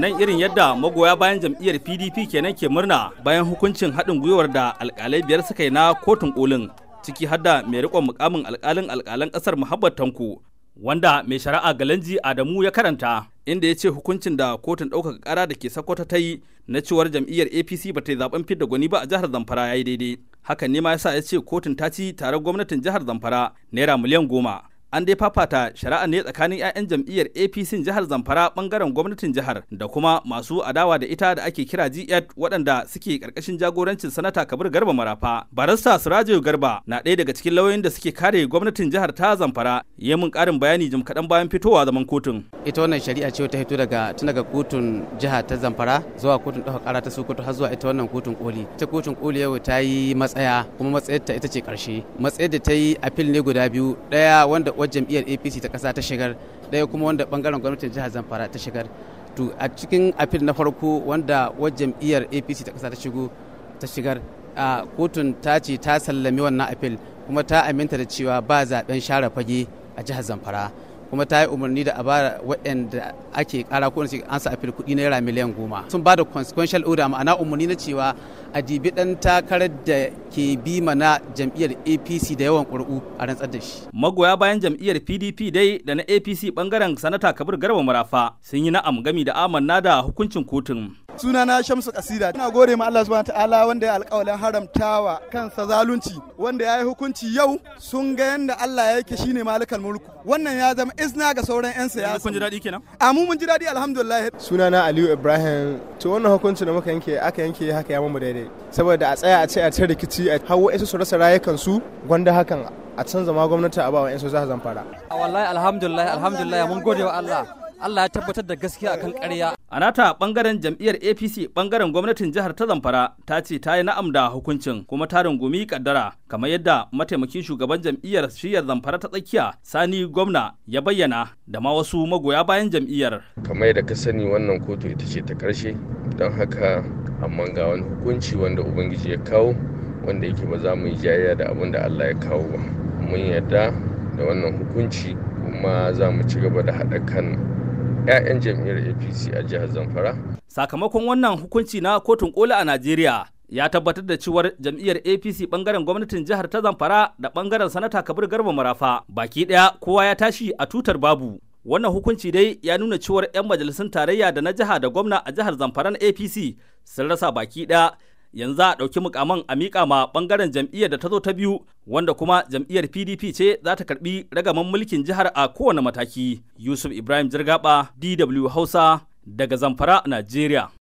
nan irin yadda magoya bayan jam'iyyar pdp kenan ke murna bayan hukuncin haɗin gwiwar da alƙalai biyar suka yi na kotun kolin ciki har da mai riƙon mukamin alƙalin alƙalan ƙasar muhammad tanko wanda mai shari'a galanji adamu ya karanta inda ya ce hukuncin da kotun ɗaukaka ƙara da ke sakwata ta yi na cewar jam'iyyar apc ba ta yi zaben da gwani ba a jihar zamfara ya yi daidai hakan ne ma yasa ya ce kotun ta ci tare gwamnatin jihar zamfara naira miliyan goma an dai fafata shari'a ne tsakanin 'ya'yan jam'iyyar apc jihar zamfara bangaren gwamnatin jihar da kuma masu adawa da ita da ake kira gf waɗanda suke karkashin jagorancin sanata kabir garba marafa barista sirajo garba na ɗaya daga cikin lauyoyin da suke kare gwamnatin jihar ta zamfara ya mun ƙarin bayani jim kaɗan bayan fitowa zaman kotun ita wannan shari'a ce ta fito daga tun daga kotun jihar ta zamfara zuwa kotun ɗaukar ƙara ta sokoto har zuwa ita wannan kotun koli ta kotun koli yau ta yi matsaya kuma matsayar ta ita ce ƙarshe matsayar da ta yi apil ne guda biyu ɗaya wanda wacce jam'iyyar apc ta kasa ta shigar daya kuma wanda bangaren gwamnatin jihar zamfara ta shigar to a cikin afil na farko wanda wajen jam'iyyar apc ta kasa ta shigo ta shigar a kotun ta ce ta sallami wannan afil kuma ta aminta da cewa ba zaben share fage a jihar zamfara kuma ta yi umarni da a ba waɗanda ake kara ko su an sa afil kuɗi naira miliyan goma sun ba da consequential order ma'ana umarni na cewa a dibi ɗan takarar da ke bi mana jam'iyyar apc da yawan ƙuri'u a rantsar da shi magoya bayan jam'iyyar pdp dai da na apc bangaren sanata kabir garba marafa sun yi na'am gami da amanna da hukuncin kotun suna na Shamsu Kasida ina gode ma Allah subhanahu ta'ala wanda ya alƙawalin haramtawa kansa zalunci wanda ya yi hukunci yau sun ga yanda Allah yake shine malikan mulku wannan ya zama izna ga sauran yan siyasa kun ji dadi kenan a ah, mu mun ji dadi alhamdulillah sunana Aliyu Ibrahim to wannan hukunci da muka yanke aka yanke haka ya mu daidai saboda a tsaya a ce a tare rikici a hawo isu su rasa rayukan su gwanda hakan a canza ma gwamnati a ba wa yan su za zamfara wallahi alhamdulillah alhamdulillah mun gode wa Allah Allah ya tabbatar da gaskiya akan ƙarya. A nata bangaren jam'iyyar APC bangaren gwamnatin jihar ta Zamfara ta ce ta yi na'am da hukuncin kuma ta rungumi kaddara kamar yadda mataimakin shugaban jam'iyyar shiyar Zamfara ta tsakiya Sani gwamna ya bayyana da ma wasu magoya bayan jam'iyyar. Kamar yadda ka sani wannan kotu ita ce ta ƙarshe don haka amma ga wani hukunci wanda Ubangiji ya kawo wanda yake ba za mu yi jayayya da abin da Allah ya kawo ba. Mun yarda da wannan hukunci kuma za mu ci gaba da haɗa kan 'ya'yan jam'iyyar apc a jihar zamfara sakamakon wannan hukunci na kotun koli a najeriya ya tabbatar da cewar jam'iyyar apc bangaren gwamnatin jihar ta zamfara da bangaren sanata kabir garba marafa baki daya kowa ya tashi a tutar babu wannan hukunci dai ya nuna cewar 'yan majalisun tarayya da na jiha da gwamna a jihar Zamfara na apc sun rasa baki daya yanzu a ɗauki mukaman a miƙa ma ɓangaren jam'iyyar da ta zo ta biyu wanda kuma jam'iyyar pdp ce za ta karɓi ragaman mulkin jihar a kowane mataki yusuf ibrahim jirgaba dw hausa daga zamfara najeriya